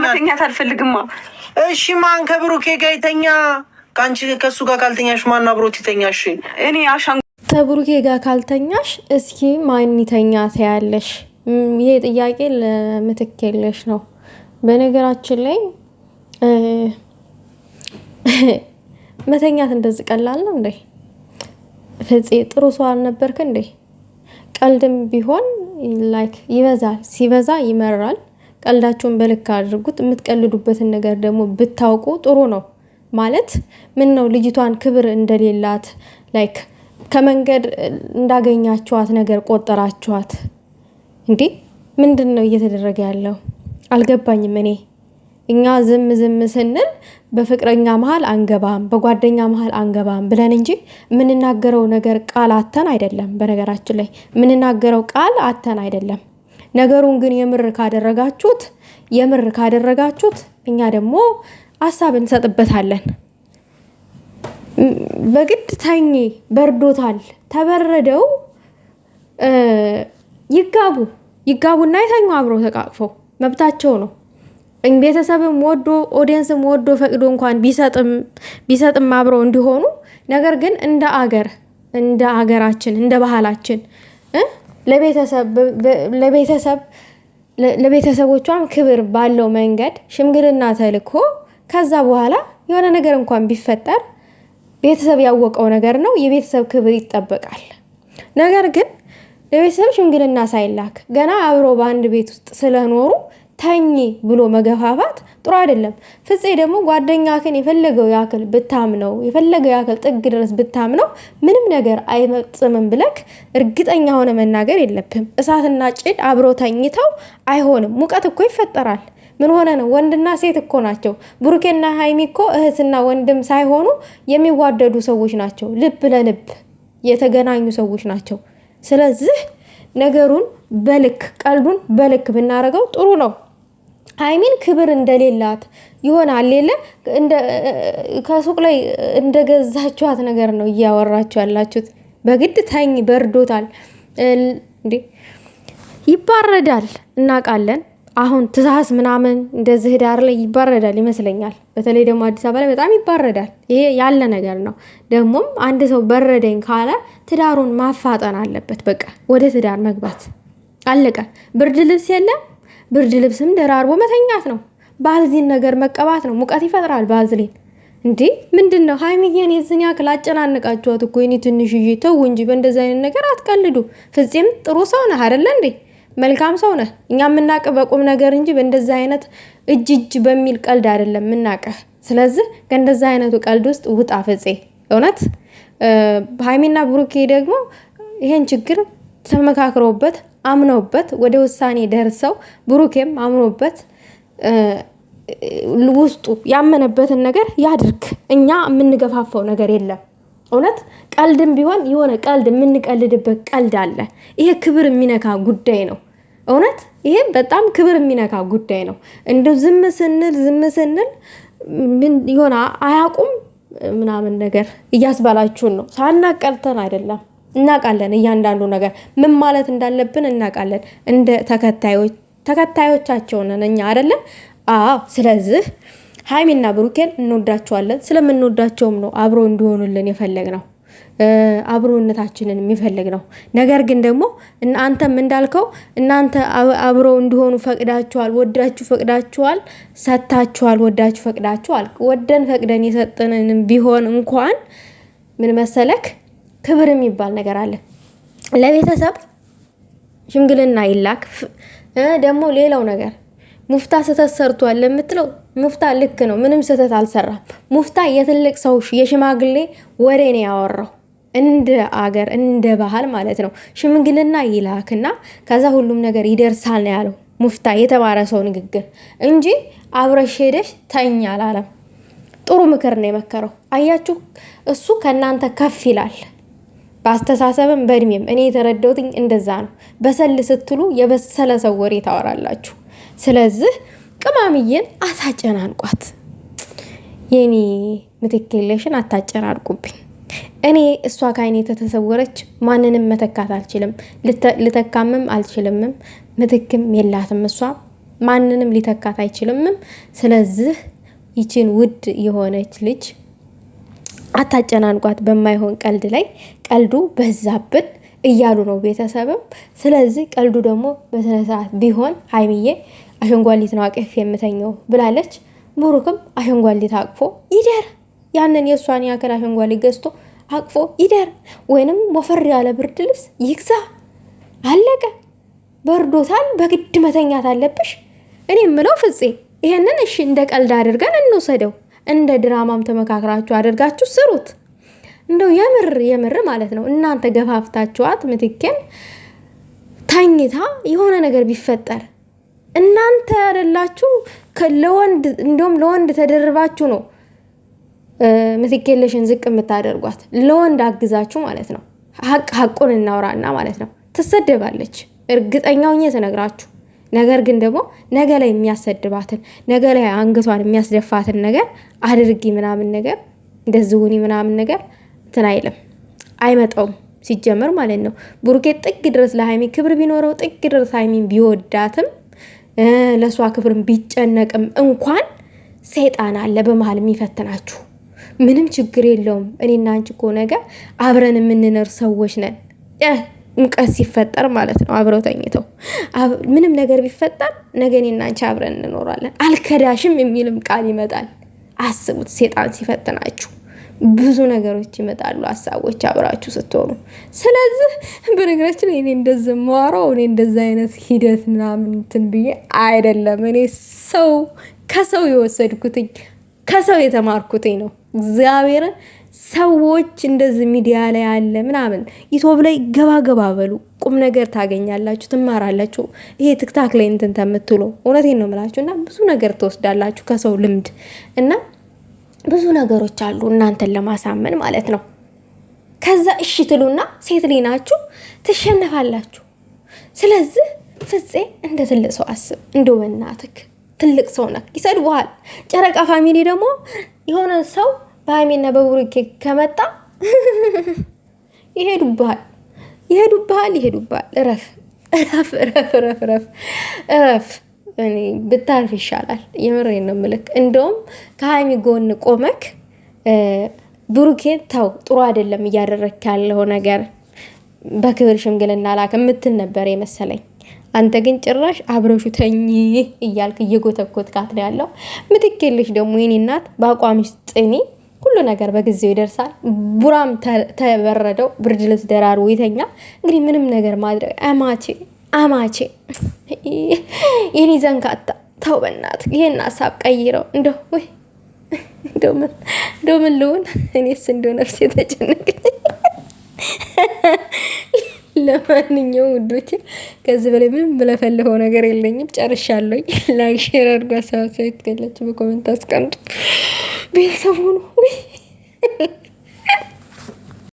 መተኛት አልፈልግማ። እሺ ማን ከብሩኬ ጋር የተኛ? ከአንቺ ከእሱ ጋር ካልተኛሽ ማን አብሮት ይተኛሽ? እኔ አሻን ከብሩኬ ጋር ካልተኛሽ እስኪ ማን ይተኛ ታያለሽ? ይሄ ጥያቄ ለምትክ የለሽ ነው። በነገራችን ላይ መተኛት እንደዚህ ቀላል ነው እንዴ? ፍፄ ጥሩ ሰው አልነበርክ እንዴ? ቀልድም ቢሆን ላይክ ይበዛል፣ ሲበዛ ይመራል። ቀልዳችሁን በልክ አድርጉት። የምትቀልዱበትን ነገር ደግሞ ብታውቁ ጥሩ ነው። ማለት ምን ነው ልጅቷን ክብር እንደሌላት ላይክ ከመንገድ እንዳገኛችኋት ነገር ቆጠራችኋት። እንዴ ምንድን ነው እየተደረገ ያለው? አልገባኝም። እኔ እኛ ዝም ዝም ስንል በፍቅረኛ መሀል አንገባም፣ በጓደኛ መሀል አንገባም ብለን እንጂ የምንናገረው ነገር ቃል አተን አይደለም። በነገራችን ላይ የምንናገረው ቃል አተን አይደለም። ነገሩን ግን የምር ካደረጋችሁት የምር ካደረጋችሁት እኛ ደግሞ ሀሳብ እንሰጥበታለን። በግድ ተኝ በርዶታል ተበረደው ይጋቡ ይጋቡና የተኙ አብረው ተቃቅፈው መብታቸው ነው። ቤተሰብም ወዶ ኦዲየንስም ወዶ ፈቅዶ እንኳን ቢሰጥም አብረው እንዲሆኑ ነገር ግን እንደ አገር እንደ አገራችን እንደ ባህላችን ለቤተሰቦቿም ክብር ባለው መንገድ ሽምግልና ተልኮ ከዛ በኋላ የሆነ ነገር እንኳን ቢፈጠር ቤተሰብ ያወቀው ነገር ነው። የቤተሰብ ክብር ይጠበቃል። ነገር ግን ለቤተሰብ ሽምግልና ሳይላክ ገና አብሮ በአንድ ቤት ውስጥ ስለኖሩ ተኝ ብሎ መገፋፋት ጥሩ አይደለም። ፍፄ ደግሞ ጓደኛህን የፈለገው ያክል ብታምነው የፈለገው ያክል ጥግ ድረስ ብታምነው ምንም ነገር አይመጥምም ብለክ እርግጠኛ ሆነ መናገር የለብም እሳትና ጭድ አብሮ ተኝተው አይሆንም። ሙቀት እኮ ይፈጠራል። ምን ሆነ ነው? ወንድና ሴት እኮ ናቸው። ብሩኬና ሀይሚ እኮ እህትና ወንድም ሳይሆኑ የሚዋደዱ ሰዎች ናቸው። ልብ ለልብ የተገናኙ ሰዎች ናቸው። ስለዚህ ነገሩን በልክ ቀልዱን በልክ ብናደርገው ጥሩ ነው። ሀይሚን ክብር እንደሌላት ይሆናል የለ ከሱቅ ላይ እንደገዛችኋት ነገር ነው እያወራችሁ ያላችሁት። በግድ ተኝ በርዶታል እንዴ ይባረዳል፣ እናውቃለን። አሁን ትሳስ ምናምን እንደዚህ ዳር ላይ ይባረዳል ይመስለኛል። በተለይ ደግሞ አዲስ አበባ ላይ በጣም ይባረዳል። ይሄ ያለ ነገር ነው። ደግሞም አንድ ሰው በረደኝ ካለ ትዳሩን ማፋጠን አለበት። በቃ ወደ ትዳር መግባት አለቀ። ብርድ ልብስ የለም ብርድ ልብስም ደራርቦ መተኛት ነው። ባልዚን ነገር መቀባት ነው። ሙቀት ይፈጥራል ባዝሊን። እንዴ ምንድን ነው ሀይሚዬን የዝን ያክል አጨናነቃችኋት እኮ የኔ ትንሽዬ፣ ተው እንጂ በእንደዚህ አይነት ነገር አትቀልዱ። ፍፄም ጥሩ ሰው ነህ አይደለ እንዴ? መልካም ሰው ነህ። እኛ የምናቅህ በቁም ነገር እንጂ በእንደዛ አይነት እጅ እጅ በሚል ቀልድ አይደለም ምናቀ ስለዚህ ከእንደዚህ አይነቱ ቀልድ ውስጥ ውጣ ፍፄ። እውነት ሀይሚና ብሩኬ ደግሞ ይሄን ችግር ተመካክሮበት አምነውበት ወደ ውሳኔ ደርሰው ብሩኬም አምኖበት ውስጡ ያመነበትን ነገር ያድርግ። እኛ የምንገፋፋው ነገር የለም። እውነት ቀልድም ቢሆን የሆነ ቀልድ የምንቀልድበት ቀልድ አለ። ይሄ ክብር የሚነካ ጉዳይ ነው። እውነት ይሄ በጣም ክብር የሚነካ ጉዳይ ነው። እንደ ዝም ስንል ዝም ስንል የሆነ አያውቁም ምናምን ነገር እያስባላችሁን ነው። ሳናቀልተን አይደለም እናውቃለን። እያንዳንዱ ነገር ምን ማለት እንዳለብን እናውቃለን። እንደ ተከታዮች ተከታዮቻቸው ነን እኛ አይደለን? አዎ። ስለዚህ ሀይሚና ብሩኬን እንወዳቸዋለን። ስለምንወዳቸውም ነው አብሮ እንዲሆኑልን የፈለግ ነው አብሮነታችንን የሚፈልግ ነው። ነገር ግን ደግሞ አንተም እንዳልከው እናንተ አብሮ እንዲሆኑ ፈቅዳችኋል፣ ወዳችሁ ፈቅዳችኋል፣ ሰታችኋል፣ ወዳችሁ ፈቅዳችኋል። ወደን ፈቅደን የሰጠንን ቢሆን እንኳን ምን መሰለክ ክብር የሚባል ነገር አለ። ለቤተሰብ ሽምግልና ይላክ። ደግሞ ሌላው ነገር ሙፍታ ስህተት ሰርቷል ለምትለው ሙፍታ ልክ ነው፣ ምንም ስህተት አልሰራም። ሙፍታ የትልቅ ሰው የሽማግሌ ወሬ ነው ያወራው። እንደ አገር እንደ ባህል ማለት ነው ሽምግልና ይላክና ከዛ ሁሉም ነገር ይደርሳል ነው ያለው ሙፍታ የተባረ ሰው ንግግር እንጂ አብረሽ ሄደሽ ተኛ አላለም። ጥሩ ምክር ነው የመከረው። አያችሁ፣ እሱ ከእናንተ ከፍ ይላል። በአስተሳሰብም በእድሜም እኔ የተረዳሁትኝ እንደዛ ነው። በሰል ስትሉ የበሰለ ሰው ወሬ ታወራላችሁ። ስለዚህ ቅማምዬን አታጨናንቋት። የኔ ምትክሌሽን አታጨናንቁብኝ። እኔ እሷ ከአይኔ የተተሰወረች ማንንም መተካት አልችልም፣ ልተካምም አልችልምም። ምትክም የላትም እሷ ማንንም ሊተካት አይችልምም። ስለዚህ ይችን ውድ የሆነች ልጅ አታጨናንቋት በማይሆን ቀልድ ላይ ቀልዱ በዛብን እያሉ ነው ቤተሰብም። ስለዚህ ቀልዱ ደግሞ በስነ ስርዓት ቢሆን ሀይሚዬ አሸንጓሊት ነው አቅፍ የምተኘው ብላለች። ብሩክም አሸንጓሊት አቅፎ ይደር ያንን የእሷን ያክል አሸንጓሊት ገዝቶ አቅፎ ይደር፣ ወይንም ወፈር ያለ ብርድ ልብስ ይግዛ። አለቀ። በርዶታል። በግድ መተኛት አለብሽ። እኔ የምለው ፍፄ ይሄንን እሺ እንደ ቀልድ አድርገን እንውሰደው። እንደ ድራማም ተመካክራችሁ አድርጋችሁ ስሩት። እንደው የምር የምር ማለት ነው እናንተ ገፋፍታችኋት ምትኬን ተኝታ የሆነ ነገር ቢፈጠር እናንተ ያደላችሁ ለወንድ እንዲሁም ለወንድ ተደርባችሁ ነው ምትኬለሽን ዝቅ የምታደርጓት። ለወንድ አግዛችሁ ማለት ነው። ሀቅ ሀቁን እናውራና ማለት ነው። ትሰደባለች። እርግጠኛው እኛ ተነግራችሁ ነገር ግን ደግሞ ነገ ላይ የሚያሰድባትን ነገ ላይ አንገቷን የሚያስደፋትን ነገር አድርጊ ምናምን ነገር እንደዚህ ሁኒ ምናምን ነገር እንትን አይልም አይመጣውም ሲጀመር ማለት ነው። ብሩኬ ጥግ ድረስ ለሀይሚ ክብር ቢኖረው ጥግ ድረስ ሀይሚን ቢወዳትም ለእሷ ክብርም ቢጨነቅም እንኳን ሰይጣን አለ በመሀል የሚፈትናችሁ። ምንም ችግር የለውም። እኔና አንቺ እኮ ነገር አብረን የምንነር ሰዎች ነን። ሙቀት ሲፈጠር ማለት ነው። አብረው ተኝተው ምንም ነገር ቢፈጠር ነገ እኔና አንቺ አብረን እንኖራለን አልከዳሽም የሚልም ቃል ይመጣል። አስቡት፣ ሴጣን ሲፈትናችሁ ብዙ ነገሮች ይመጣሉ፣ ሀሳቦች አብራችሁ ስትሆኑ። ስለዚህ በነገራችን እኔ እንደዚ መዋረው እኔ እንደዚ አይነት ሂደት ምናምን እንትን ብዬ አይደለም። እኔ ሰው ከሰው የወሰድኩትኝ ከሰው የተማርኩትኝ ነው እግዚአብሔርን ሰዎች እንደዚህ ሚዲያ ላይ አለ ምናምን ዩቲዩብ ላይ ገባ ገባ በሉ፣ ቁም ነገር ታገኛላችሁ፣ ትማራላችሁ። ይሄ ትክታክ ላይ እንትን ተምትሎ እውነቴን ነው ምላችሁ እና ብዙ ነገር ትወስዳላችሁ ከሰው ልምድ እና ብዙ ነገሮች አሉ እናንተን ለማሳመን ማለት ነው። ከዛ እሺ ትሉና ሴት ሊናችሁ ናችሁ ትሸነፋላችሁ። ስለዚህ ፍፄ እንደ ትልቅ ሰው አስብ፣ እንደ በናትክ ትልቅ ሰው ነክ በኋል ጨረቃ ፋሚሊ ደግሞ የሆነ ሰው በሀይሜና በቡሩኬ ከመጣ ይሄዱብሃል፣ ይሄዱብሃል፣ ይሄዱብሃል። እረፍ እረፍ እረፍ እረፍ እረፍ እረፍ። እኔ ብታርፍ ይሻላል። የምሬን ነው የምልህ። እንደውም ከሀይሚ ጎን ቆመክ ብሩኬን ተው፣ ጥሩ አይደለም እያደረክ ያለው ነገር፣ በክብር ሽምግልና ላክ የምትል ነበር የመሰለኝ። አንተ ግን ጭራሽ አብረሹ ተኝ እያልክ እየጎተጎትካት ነው ያለው። ምትኬልሽ ደግሞ የኔ እናት በአቋምሽ ጽኒ። ሁሉ ነገር በጊዜው ይደርሳል። ቡራም ተበረደው ብርድ ልብስ ደራሩ ይተኛ። እንግዲህ ምንም ነገር ማድረግ አማቼ አማቼ የኔ ዘንካታ ተው፣ በእናትህ ይህን ሀሳብ ቀይረው እንደው ወይ እንደው ምን ልሆን እኔስ እንደው ነፍሴ ተጨነቀኝ። ለማንኛውም ውዶች ከዚህ በላይ ምንም ብለፈልፈው ነገር የለኝም። ጨርሻለሁኝ። ላይክ፣ ሼር አድርጎ አሳባሰቤት ገላችሁ በኮመንት አስቀምጡ። ቤተሰብ ሆኑ።